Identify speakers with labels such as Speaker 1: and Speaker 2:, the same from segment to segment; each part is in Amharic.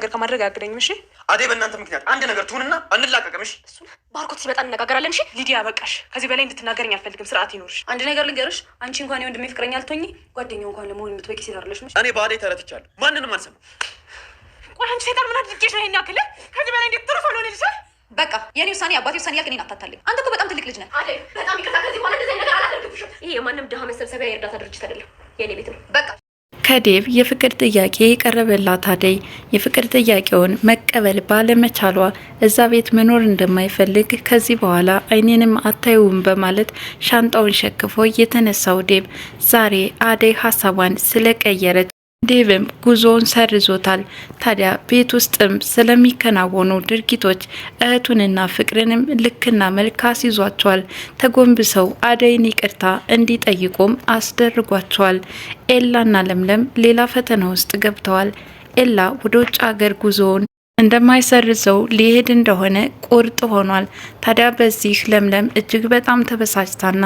Speaker 1: ነገር ከማድረግ አያግደኝም። እሺ
Speaker 2: አዴ፣ በእናንተ ምክንያት አንድ ነገር ትሁንና አንላቀቅም። እሺ
Speaker 1: እሱን ባርኮት ሲመጣ እንነጋገራለን። እሺ ሊዲያ፣ በቃሽ። ከዚህ በላይ እንድትናገርኝ አልፈልግም። ስርዓት ይኖርሽ። አንድ ነገር ልንገርሽ፣ አንቺ እንኳን የወንድሜ ፍቅረኛ አልቶኝ ጓደኛ እንኳን ለመሆን የምትበቂ ሴት አይደለሽ።
Speaker 2: እኔ በአዴ ተረትቻለሁ። ማንንም አልሰማም።
Speaker 1: ቆይ አንቺ ሴጣን ምን አድርጌሽ ነው ይሄን ያክል? ከዚህ በላይ እንዴት ትርፍ ሆኖ ልልሻል? በቃ የኔ ውሳኔ አባቴ ውሳኔ ያልክ እኔን አታታለኝ። አንተ እኮ በጣም ትልቅ ልጅ ነህ። በጣም ይቅርታ። ከዚህ በኋላ እንደዚህ ነገር አላደርግብሽም። ይሄ የማንም ድሃ መሰብሰቢያ የእርዳታ ድርጅት አይደለም፣ የእኔ ቤት ነው። በቃ
Speaker 3: ከዴቭ የፍቅር ጥያቄ የቀረበላት አደይ የፍቅር ጥያቄውን መቀበል ባለመቻሏ እዛ ቤት መኖር እንደማይፈልግ ከዚህ በኋላ አይኔንም አታዩም በማለት ሻንጣውን ሸክፎ የተነሳው ዴቭ ዛሬ አደይ ሀሳቧን ስለቀየረች ዴቭም ጉዞውን ሰርዞታል። ታዲያ ቤት ውስጥም ስለሚከናወኑ ድርጊቶች እህቱንና ፍቅርንም ልክና መልክ አስይዟቸዋል። ተጎንብሰው አደይን ይቅርታ እንዲጠይቁም አስደርጓቸዋል። ኤላና ለምለም ሌላ ፈተና ውስጥ ገብተዋል። ኤላ ወደ ውጭ ሀገር ጉዞውን እንደማይሰርዘው ሊሄድ እንደሆነ ቁርጥ ሆኗል። ታዲያ በዚህ ለምለም እጅግ በጣም ተበሳጭታና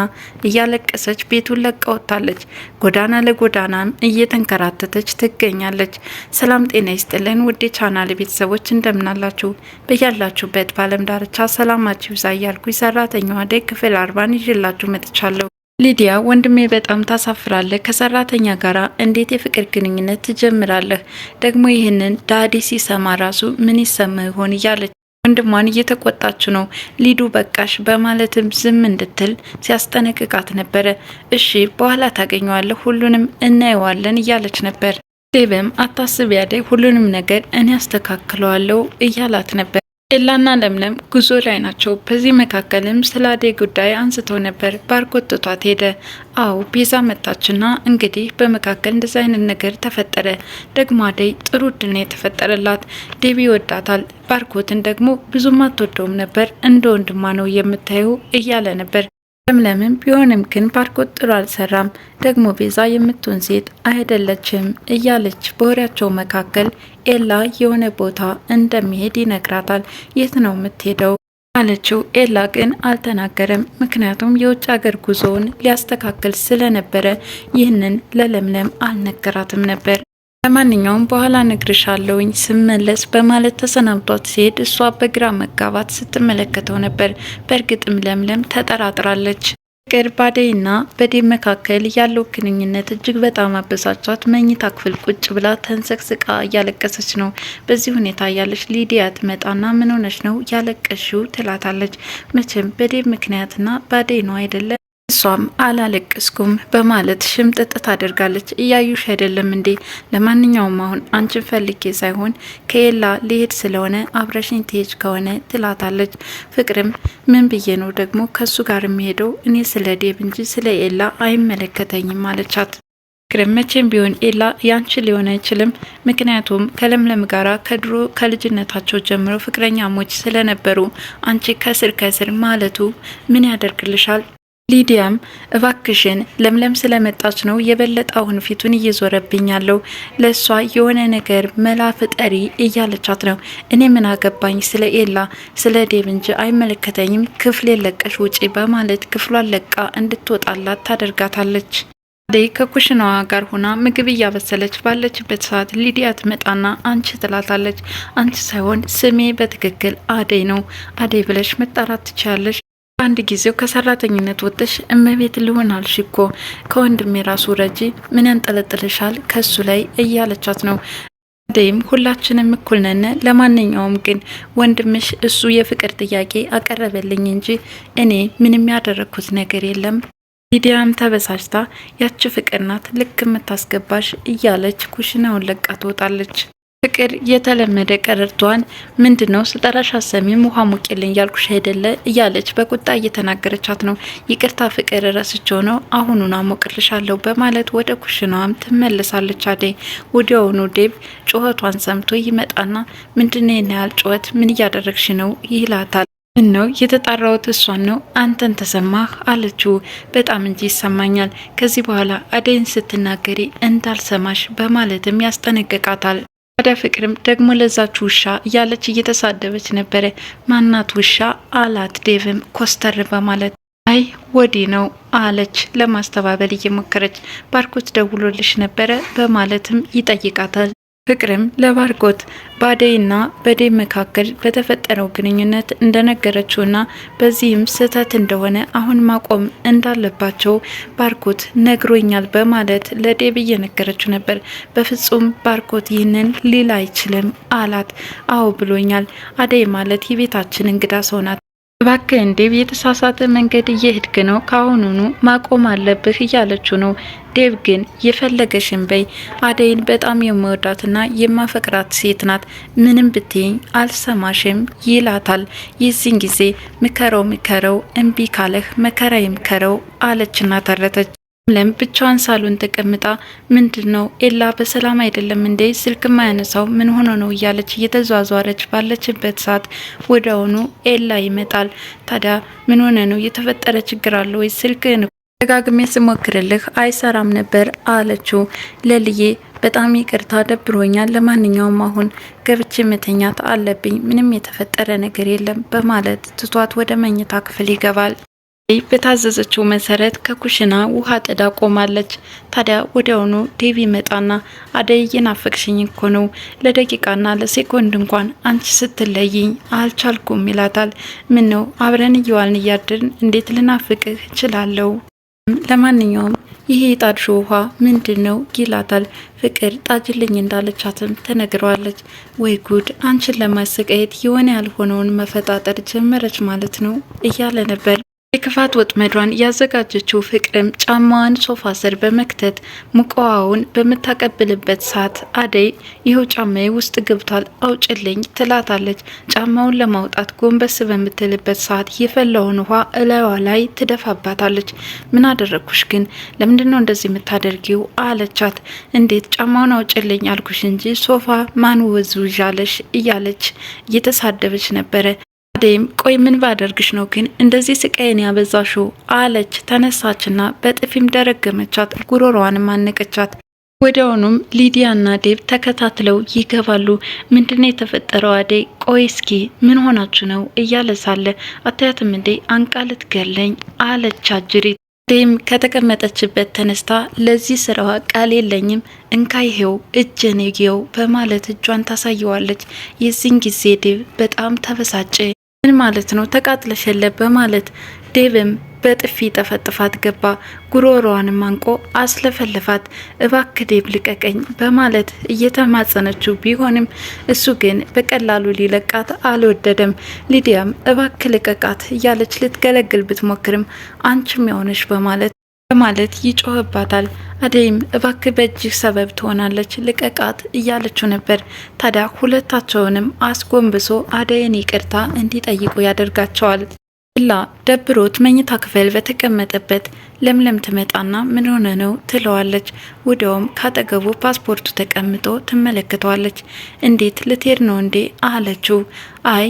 Speaker 3: እያለቀሰች ቤቱን ለቀወታለች። ጎዳና ለጎዳና እየተንከራተተች ትገኛለች። ሰላም ጤና ይስጥልን ውድ የቻናሌ ቤተሰቦች እንደምናላችሁ በያላችሁበት በአለም ዳርቻ ሰላማችሁ ይብዛ እያልኩ ሰራተኛዋ አደይ ክፍል አርባን ይዤላችሁ መጥቻለሁ። ሊዲያ ወንድሜ በጣም ታሳፍራለህ። ከሰራተኛ ጋር እንዴት የፍቅር ግንኙነት ትጀምራለህ? ደግሞ ይህንን ዳዲ ሲሰማ ራሱ ምን ይሰማ ይሆን እያለች ወንድሟን እየተቆጣች ነው። ሊዱ በቃሽ በማለትም ዝም እንድትል ሲያስጠነቅቃት ነበረ። እሺ በኋላ ታገኘዋለህ፣ ሁሉንም እናየዋለን እያለች ነበር። ዴብም አታስብ ያደይ፣ ሁሉንም ነገር እኔ አስተካክለዋለሁ እያላት ነበር። ኤላና ለምለም ጉዞ ላይ ናቸው። በዚህ መካከልም ስለ አዴ ጉዳይ አንስተው ነበር። ባርኮት ትቷት ሄደ። አዎ ቤዛ መጣችና እንግዲህ በመካከል እንደዚ አይነት ነገር ተፈጠረ። ደግሞ አደይ ጥሩ እድል የተፈጠረላት ዴቢ ይወዳታል። ባርኮትን ደግሞ ብዙም አትወደውም ነበር፣ እንደ ወንድማ ነው የምታየው እያለ ነበር። ለምለምም ቢሆንም ግን ባርኮት ጥሩ አልሰራም፣ ደግሞ ቤዛ የምትሆን ሴት አይደለችም እያለች በወሬያቸው መካከል ኤላ የሆነ ቦታ እንደሚሄድ ይነግራታል። የት ነው የምትሄደው አለችው። ኤላ ግን አልተናገረም፣ ምክንያቱም የውጭ ሀገር ጉዞውን ሊያስተካክል ስለነበረ ይህንን ለለምለም አልነገራትም ነበር። ለማንኛውም በኋላ እነግርሻለሁኝ ስመለስ በማለት ተሰናብቷት ሲሄድ እሷ በግራ መጋባት ስትመለከተው ነበር። በእርግጥም ለምለም ተጠራጥራለች። ፍቅር ባደይና በዴብ መካከል ያለው ግንኙነት እጅግ በጣም አበሳጫት። መኝታ ክፍል ቁጭ ብላ ተንሰቅስቃ እያለቀሰች ነው። በዚህ ሁኔታ ያለች ሊዲያ ትመጣና ምን ሆነች ነው ያለቀሽው ትላታለች። መቼም በዴብ ምክንያትና ባደይ ነው አይደለም እሷም አላለቀስኩም በማለት ሽምጥጥ ታደርጋለች። እያዩሽ አይደለም እንዴ? ለማንኛውም አሁን አንቺን ፈልጌ ሳይሆን ከኤላ ሊሄድ ስለሆነ አብረሽኝ ትሄጅ ከሆነ ትላታለች። ፍቅርም ምን ብዬ ነው ደግሞ ከሱ ጋር የሚሄደው እኔ ስለ ዴብ እንጂ ስለ ኤላ አይመለከተኝም አለቻት። ፍቅርም መቼም ቢሆን ኤላ ያንቺ ሊሆን አይችልም፣ ምክንያቱም ከለምለም ጋራ ከድሮ ከልጅነታቸው ጀምሮ ፍቅረኛሞች ስለነበሩ አንቺ ከስር ከስር ማለቱ ምን ያደርግልሻል? ሊዲያም እባክሽን ለምለም ስለመጣች ነው የበለጠ አሁን ፊቱን እየዞረብኝ ያለው፣ ለእሷ የሆነ ነገር መላ ፍጠሪ እያለቻት ነው። እኔ ምን አገባኝ ስለ ኤላ ስለ ዴብ እንጂ አይመለከተኝም፣ ክፍል የለቀሽ ውጪ በማለት ክፍሏን ለቃ እንድትወጣላት ታደርጋታለች። አደይ ከኩሽናዋ ጋር ሆና ምግብ እያበሰለች ባለችበት ሰዓት ሊዲያ ትመጣና አንቺ ትላታለች። አንቺ ሳይሆን ስሜ በትክክል አደይ ነው፣ አደይ ብለሽ መጣራት ትችያለሽ በአንድ ጊዜው ከሰራተኝነት ወጥሽ እመቤት ልሆን አልሽ እኮ ከወንድሜ ራሱ ረጂ ምን ያንጠለጥልሻል ከሱ ላይ እያለቻት ነው። አደይም ሁላችንም እኩል ነን፣ ለማንኛውም ግን ወንድምሽ እሱ የፍቅር ጥያቄ አቀረበልኝ እንጂ እኔ ምንም ያደረግኩት ነገር የለም። ሊዲያም ተበሳጭታ ያቺ ፍቅር ናት ልክ የምታስገባሽ እያለች ኩሽናውን ለቃ ትወጣለች። ፍቅር የተለመደ ቀረርቷን ምንድን ነው ስጠራሽ አሰሚም ውሃ ሞቄልኝ ያልኩሽ አይደለ እያለች በቁጣ እየተናገረቻት ነው። ይቅርታ ፍቅር ረስቸው ነው አሁኑን አሞቅልሻለሁ በማለት ወደ ኩሽናዋም ትመለሳለች። አደይ ወዲያውኑ ዴብ ጩኸቷን ሰምቶ ይመጣና ምንድን ነው ጩኸት ምን እያደረግሽ ነው ይላታል። ምን ነው የተጣራውት እሷን ነው አንተን ተሰማህ አለችው። በጣም እንጂ ይሰማኛል ከዚህ በኋላ አደይን ስትናገሪ እንዳልሰማሽ በማለትም ያስጠነቅቃታል። ታዲያ ፍቅርም ደግሞ ለዛች ውሻ እያለች እየተሳደበች ነበረ። ማናት ውሻ አላት ዴቭም ኮስተር በማለት አይ ወዲህ ነው አለች ለማስተባበል እየሞከረች ባርኮት ደውሎልሽ ነበረ በማለትም ይጠይቃታል። ፍቅርም ለባርኮት በአደይና በዴ መካከል በተፈጠረው ግንኙነት እንደነገረችውና በዚህም ስህተት እንደሆነ አሁን ማቆም እንዳለባቸው ባርኮት ነግሮኛል በማለት ለአደይ እየነገረችው ነበር። በፍጹም ባርኮት ይህንን ሊል አይችልም አላት። አዎ ብሎኛል። አደይ ማለት የቤታችን እንግዳ ሰው ናት። እባክህ የተሳሳተ መንገድ እየሄድክ ነው፣ ከአሁኑኑ ማቆም አለብህ እያለችው ነው ዴብ ግን የፈለገ ሽንበይ አደይን በጣም የመወዳትና የማፈቅራት ሴት ናት፣ ምንም ብትይኝ አልሰማሽም ይላታል። የዚህን ጊዜ ምከረው ምከረው እምቢ ካለህ መከራ ይምከረው አለችና ተረተች። ለም ብቻዋን ሳሎን ተቀምጣ ምንድን ነው ኤላ በሰላም አይደለም እንዴ? ስልክም አያነሳው ምን ሆኖ ነው እያለች እየተዟዟረች ባለችበት ሰዓት ወዲያውኑ ኤላ ይመጣል። ታዲያ ምን ሆነ ነው የተፈጠረ ችግር አለ ወይ? ስልክህን ደጋግሜ ስሞክርልህ አይሰራም ነበር አለችው። ለልዬ በጣም ይቅርታ ደብሮኛል፣ ለማንኛውም አሁን ገብቼ መተኛት አለብኝ፣ ምንም የተፈጠረ ነገር የለም በማለት ትቷት ወደ መኝታ ክፍል ይገባል። በታዘዘችው መሰረት ከኩሽና ውሃ ጥዳ ቆማለች። ታዲያ ወዲያውኑ ዴቪ መጣና አደይ እየናፈቅሽኝ እኮ ነው፣ ለደቂቃና ለሴኮንድ እንኳን አንቺ ስትለይኝ አልቻልኩም ይላታል። ምን ነው አብረን እየዋልን እያድርን እንዴት ልናፍቅህ እችላለሁ? ለማንኛውም ይሄ የጣድሾ ውሃ ምንድን ነው ይላታል። ፍቅር ጣጅልኝ እንዳለቻትም ተነግረዋለች። ወይ ጉድ አንቺን ለማሰቃየት የሆነ ያልሆነውን መፈጣጠር ጀመረች ማለት ነው እያለ ነበር። የክፋት ወጥመዷን ያዘጋጀችው ፍቅርም ጫማዋን ሶፋ ስር በመክተት ሙቀዋውን በምታቀብልበት ሰዓት አደይ ይኸው ጫማዬ ውስጥ ገብቷል አውጭልኝ ትላታለች። ጫማውን ለማውጣት ጎንበስ በምትልበት ሰዓት የፈላውን ውሃ እላዋ ላይ ትደፋባታለች። ምን አደረግኩሽ ግን ለምንድን ነው እንደዚህ የምታደርጊው አለቻት። እንዴት ጫማውን አውጭልኝ አልኩሽ እንጂ ሶፋ ማን ወዙዣለሽ እያለች እየተሳደበች ነበረ። አደይም ቆይ ምን ባደርግሽ ነው ግን እንደዚህ ስቃይን ያበዛሹ? አለች። ተነሳችና በጥፊም ደረገመቻት፣ ጉሮሮዋንም አነቀቻት። ወዲያውኑም ሊዲያና ዴብ ተከታትለው ይገባሉ። ምንድነው የተፈጠረው? አደይ ቆይ እስኪ ምን ሆናችሁ ነው እያለ ሳለ አታያትም እንዴ አንቃ ልትገለኝ አለች አጅሪት። ዴም ከተቀመጠችበት ተነስታ ለዚህ ስራዋ ቃል የለኝም እንካ ይሄው እጀንየው በማለት እጇን ታሳየዋለች። የዚህን ጊዜ ዴብ በጣም ተበሳጨ። ምን ማለት ነው ተቃጥለሸለ በማለት ዴቭም በጥፊ ጠፈጥፋት ገባ። ጉሮሮዋንም አንቆ አስለፈለፋት። እባክ ዴቭ ልቀቀኝ በማለት እየተማጸነችው ቢሆንም እሱ ግን በቀላሉ ሊለቃት አልወደደም። ሊዲያም እባክ ልቀቃት እያለች ልትገለግል ብትሞክርም አንቺም የሆነች በማለት በማለት ይጮህባታል። አደይም እባክ በእጅግ ሰበብ ትሆናለች ልቀቃት እያለችው ነበር። ታዲያ ሁለታቸውንም አስጎንብሶ አደይን ይቅርታ እንዲጠይቁ ያደርጋቸዋል። ላ ደብሮት መኝታ ክፍል በተቀመጠበት ለምለም ትመጣና ምን ሆነ ነው ትለዋለች። ወዲያውም ካጠገቡ ፓስፖርቱ ተቀምጦ ትመለከተዋለች። እንዴት ልትሄድ ነው እንዴ አለችው። አይ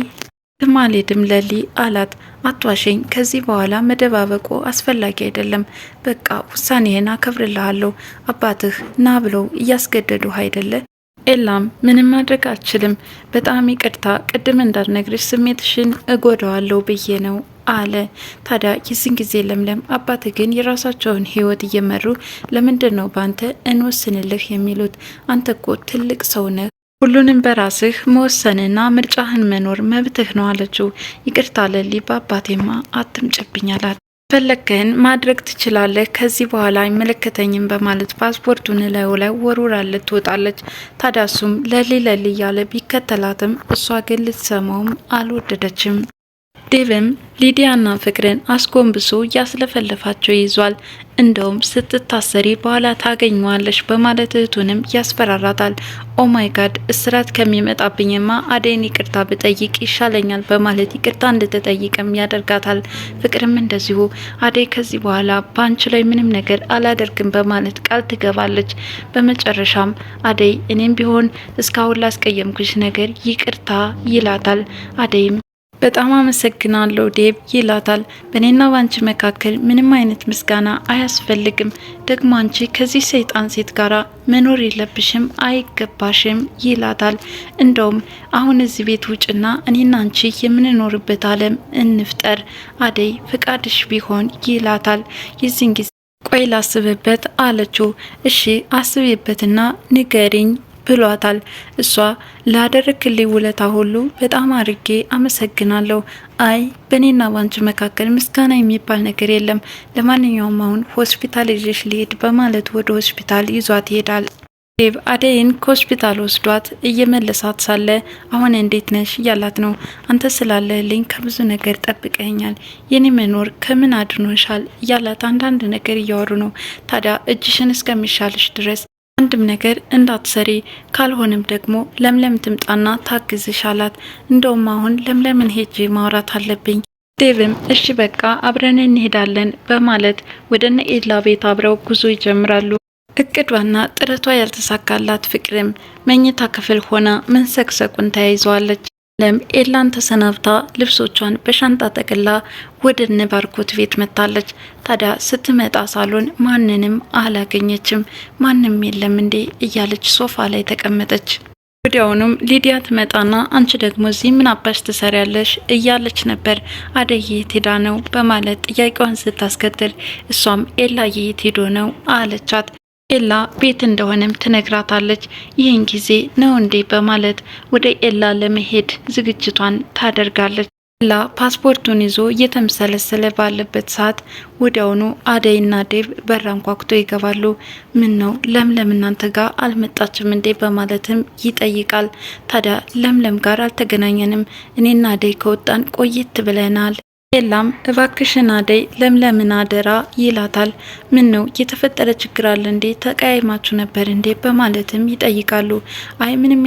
Speaker 3: እማልሄድም ለሊ አላት። አትዋሸኝ። ከዚህ በኋላ መደባበቁ አስፈላጊ አይደለም። በቃ ውሳኔህን አከብርልሃለሁ። አባትህ ና ብለው እያስገደዱህ አይደለ? ኤላም ምንም ማድረግ አልችልም። በጣም ይቅርታ፣ ቅድም እንዳልነግርሽ ስሜትሽን እጎዳዋለሁ ብዬ ነው አለ። ታዲያ የዚህን ጊዜ ለምለም አባት ግን የራሳቸውን ህይወት እየመሩ ለምንድን ነው በአንተ እንወስንልህ የሚሉት? አንተ እኮ ትልቅ ሰው ነህ ሁሉንም በራስህ መወሰንና ምርጫህን መኖር መብትህ ነው አለችው። ይቅርታ ለሊ፣ በአባቴማ አትምጭብኝ አላት። ፈለግህን ማድረግ ትችላለህ፣ ከዚህ በኋላ አይመለከተኝም በማለት ፓስፖርቱን እላዩ ላይ ወርውራለት ትወጣለች። ታዲያ እሱም ለሊ ለሊ እያለ ቢከተላትም እሷ ግን ልትሰማውም አልወደደችም። ዴቭም ሊዲያና ፍቅርን አስጎንብሶ እያስለፈለፋቸው ይዟል። እንደውም ስትታሰሪ በኋላ ታገኘዋለሽ በማለት እህቱንም ያስፈራራታል። ኦማይ ጋድ እስራት ከሚመጣብኝማ አደይን ይቅርታ ብጠይቅ ይሻለኛል በማለት ይቅርታ እንድትጠይቅም ያደርጋታል። ፍቅርም እንደዚሁ አደይ ከዚህ በኋላ በአንቺ ላይ ምንም ነገር አላደርግም በማለት ቃል ትገባለች። በመጨረሻም አደይ እኔም ቢሆን እስካሁን ላስቀየምኩሽ ነገር ይቅርታ ይላታል። አደይም በጣም አመሰግናለሁ ዴብ ይላታል። በእኔና ባንቺ መካከል ምንም አይነት ምስጋና አያስፈልግም። ደግሞ አንቺ ከዚህ ሰይጣን ሴት ጋራ መኖር የለብሽም አይገባሽም ይላታል። እንደውም አሁን እዚህ ቤት ውጭና እኔና አንቺ የምንኖርበት ዓለም እንፍጠር አደይ ፍቃድሽ ቢሆን ይላታል። የዚህን ጊዜ ቆይ ላስብበት አለችው። እሺ አስብበትና ንገሪኝ ብሏታል። እሷ ላደረክልኝ ውለታ ሁሉ በጣም አርጌ አመሰግናለሁ። አይ በእኔና ባንቺ መካከል ምስጋና የሚባል ነገር የለም። ለማንኛውም አሁን ሆስፒታል ይዤሽ ልሄድ በማለት ወደ ሆስፒታል ይዟት ይሄዳል። ዴቭ አደይን ከሆስፒታል ወስዷት እየመለሳት ሳለ አሁን እንዴት ነሽ እያላት ነው። አንተ ስላለህልኝ ከብዙ ነገር ጠብቀኛል፣ የኔ መኖር ከምን አድኖሻል እያላት አንዳንድ ነገር እያወሩ ነው። ታዲያ እጅሽን እስከሚሻልሽ ድረስ አንድም ነገር እንዳትሰሪ ካልሆነም ደግሞ ለምለም ትምጣና ታግዝሽ አላት። እንደውም አሁን ለምለምን ሄጄ ማውራት አለብኝ። ዴቭም እሺ በቃ አብረን እንሄዳለን በማለት ወደ ኤላ ቤት አብረው ጉዞ ይጀምራሉ። እቅዷና ጥረቷ ያልተሳካላት ፍቅርም መኝታ ክፍል ሆና መንሰቅሰቁን ተያይዘዋለች። ለም ኤላን ተሰናብታ ልብሶቿን በሻንጣ ጠቅላ ወደ እነ ባርኮት ቤት መታለች። ታዲያ ስትመጣ ሳሎን ማንንም አላገኘችም። ማንም የለም እንዴ እያለች ሶፋ ላይ ተቀመጠች። ወዲያውኑም ሊዲያ ትመጣና አንቺ ደግሞ እዚህ ምን አባሽ ትሰሪያለሽ እያለች ነበር። አደይ የት ሄዳ ነው በማለት ጥያቄዋን ስታስከትል እሷም ኤላ የት ሄዶ ነው አለቻት። ኤላ ቤት እንደሆነም ትነግራታለች። ይህን ጊዜ ነው እንዴ በማለት ወደ ኤላ ለመሄድ ዝግጅቷን ታደርጋለች። ኤላ ፓስፖርቱን ይዞ እየተመሰለሰለ ባለበት ሰዓት ወዲያውኑ አደይና ዴቭ በር አንኳኩቶ ይገባሉ። ምን ነው ለምለም እናንተ ጋር አልመጣችም እንዴ በማለትም ይጠይቃል። ታዲያ ለምለም ጋር አልተገናኘንም፣ እኔና አደይ ከወጣን ቆየት ብለናል ኤላም እባክሽን አደይ ለምለምን አደራ ይላታል። ምን ነው የተፈጠረ ችግር አለ እንዴ? ተቀያይማችሁ ነበር እንዴ? በማለትም ይጠይቃሉ። አይ ምንም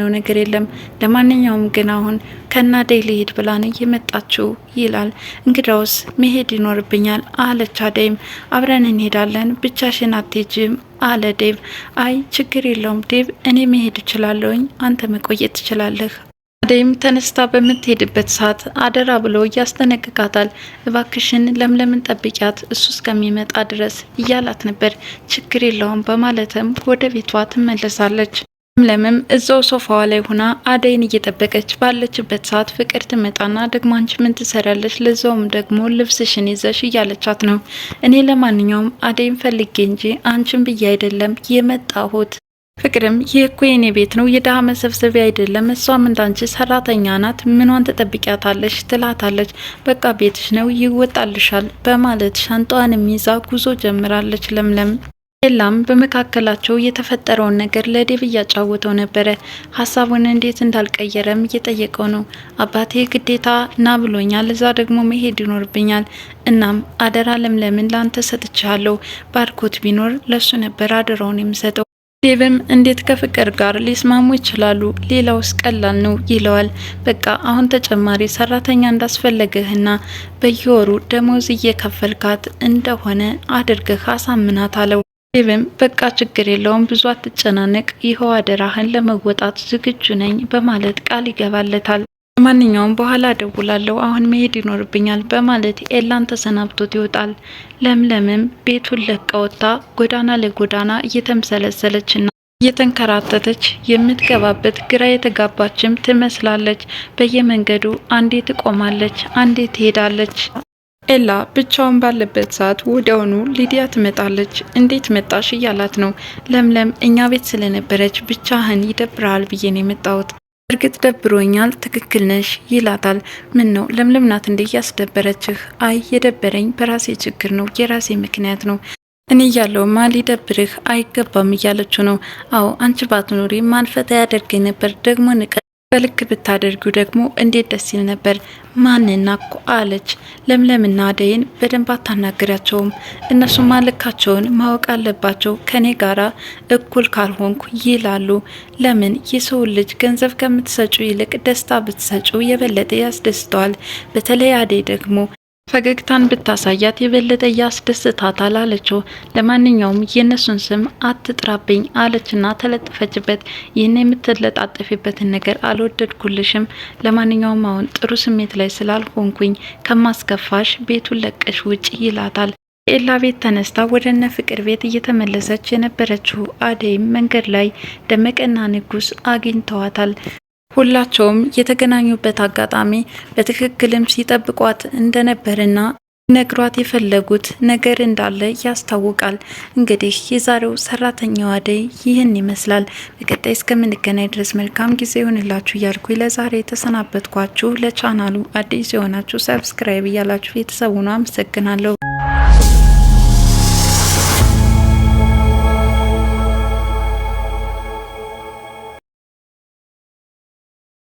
Speaker 3: ነው ነገር የለም፣ ለማንኛውም ግን አሁን ከና አደይ ልሄድ ብላ ነው የመጣችው ይላል። እንግዳውስ መሄድ ይኖርብኛል አለች አደይም። አብረን እንሄዳለን ብቻሽን አትሄጂም አለ ዴቭ። አይ ችግር የለውም ዴቭ፣ እኔ መሄድ እችላለሁኝ፣ አንተ መቆየት ትችላለህ አደይም ተነስታ በምትሄድበት ሰዓት አደራ ብሎ ያስጠነቅቃታል። እባክሽን ለምለምን ጠብቂያት እሱ እስከሚመጣ ድረስ እያላት ነበር። ችግር የለውም በማለትም ወደ ቤቷ ትመለሳለች። ለምለምም እዛው ሶፋዋ ላይ ሆና አደይን እየጠበቀች ባለችበት ሰዓት ፍቅር ትመጣና ደግሞ አንቺ ምን ትሰሪያለሽ? ለዛውም ደግሞ ልብስሽን ይዘሽ እያለቻት ነው። እኔ ለማንኛውም አደይን ፈልጌ እንጂ አንቺን ብዬ አይደለም የመጣሁት ፍቅርም ይህ እኮ የኔ ቤት ነው፣ የድሃ መሰብሰቢያ አይደለም። እሷም እንዳንቺ ሰራተኛ ናት፣ ምኗን ትጠብቂያታለሽ? ትላታለች። በቃ ቤትሽ ነው፣ ይወጣልሻል በማለት ሻንጣዋንም ይዛ ጉዞ ጀምራለች። ለምለም ሌላም በመካከላቸው የተፈጠረውን ነገር ለዴብ እያጫወተው ነበረ። ሀሳቡን እንዴት እንዳልቀየረም እየጠየቀው ነው። አባቴ ግዴታ ና ብሎኛል፣ እዛ ደግሞ መሄድ ይኖርብኛል። እናም አደራ ለምለምን ለአንተ ሰጥቻለሁ። ባርኮት ቢኖር ለሱ ነበር አደራውን የምሰጠው ዴቭም እንዴት ከፍቅር ጋር ሊስማሙ ይችላሉ? ሌላውስ ቀላል ነው ይለዋል። በቃ አሁን ተጨማሪ ሰራተኛ እንዳስፈለገህና በየወሩ ደሞዝ እየከፈልካት እንደሆነ አድርገህ አሳምናት አለው። ዴቭም በቃ ችግር የለውም ብዙ አትጨናነቅ፣ ይኸው አደራህን ለመወጣት ዝግጁ ነኝ በማለት ቃል ይገባለታል። ማንኛውም በኋላ እደውላለሁ አሁን መሄድ ይኖርብኛል በማለት ኤላን ተሰናብቶት ይወጣል። ለምለምም ቤቱን ለቃ ወጥታ ጎዳና ለጎዳና እየተምሰለሰለችና እየተንከራተተች የምትገባበት ግራ የተጋባችም ትመስላለች። በየመንገዱ አንዴ ትቆማለች፣ አንዴ ትሄዳለች። ኤላ ብቻውን ባለበት ሰዓት ወዲያውኑ ሊዲያ ትመጣለች። እንዴት መጣሽ እያላት ነው። ለምለም እኛ ቤት ስለነበረች ብቻህን ይደብረሃል ብዬ ነው የመጣሁት እርግጥ ደብሮኛል፣ ትክክል ነሽ ይላታል። ምን ነው ለምለም ናት እንዴ ያስደበረችህ? አይ የደበረኝ በራሴ ችግር ነው፣ የራሴ ምክንያት ነው። እኔ እያለሁማ ሊደብርህ አይገባም እያለችው ነው። አዎ አንቺ ባትኖሪ ማንፈታ ያደርገኝ ነበር ደግሞ ንቀ በልክ ብታደርጉ ደግሞ እንዴት ደስ ይል ነበር። ማንና ኮ አለች ለምለምና አደይን በደንብ አታናግሪያቸውም። እነሱ ልካቸውን ማወቅ አለባቸው። ከኔ ጋራ እኩል ካልሆንኩ ይላሉ። ለምን የሰው ልጅ ገንዘብ ከምትሰጩ ይልቅ ደስታ ብትሰጩ የበለጠ ያስደስተዋል። በተለይ አደይ ደግሞ ፈገግታን ብታሳያት የበለጠ ያስደስታታል አለችው። ለማንኛውም የእነሱን ስም አትጥራብኝ አለችና ተለጠፈችበት። ይህን የምትለጣጠፊበትን ነገር አልወደድኩልሽም። ለማንኛውም አሁን ጥሩ ስሜት ላይ ስላልሆንኩኝ ከማስከፋሽ ቤቱን ለቀሽ ውጭ ይላታል። ኤላ ቤት ተነስታ ወደ እነ ፍቅር ቤት እየተመለሰች የነበረችው አደይም መንገድ ላይ ደመቀና ንጉስ አግኝተዋታል። ሁላቸውም የተገናኙበት አጋጣሚ በትክክልም ሲጠብቋት እንደነበርና ነግሯት የፈለጉት ነገር እንዳለ ያስታውቃል። እንግዲህ የዛሬው ሰራተኛዋ አደይ ይህን ይመስላል። በቀጣይ እስከምንገናኝ ድረስ መልካም ጊዜ ይሆንላችሁ እያልኩ ለዛሬ የተሰናበትኳችሁ፣ ለቻናሉ አዲስ የሆናችሁ ሰብስክራይብ እያላችሁ ቤተሰቡን አመሰግናለሁ።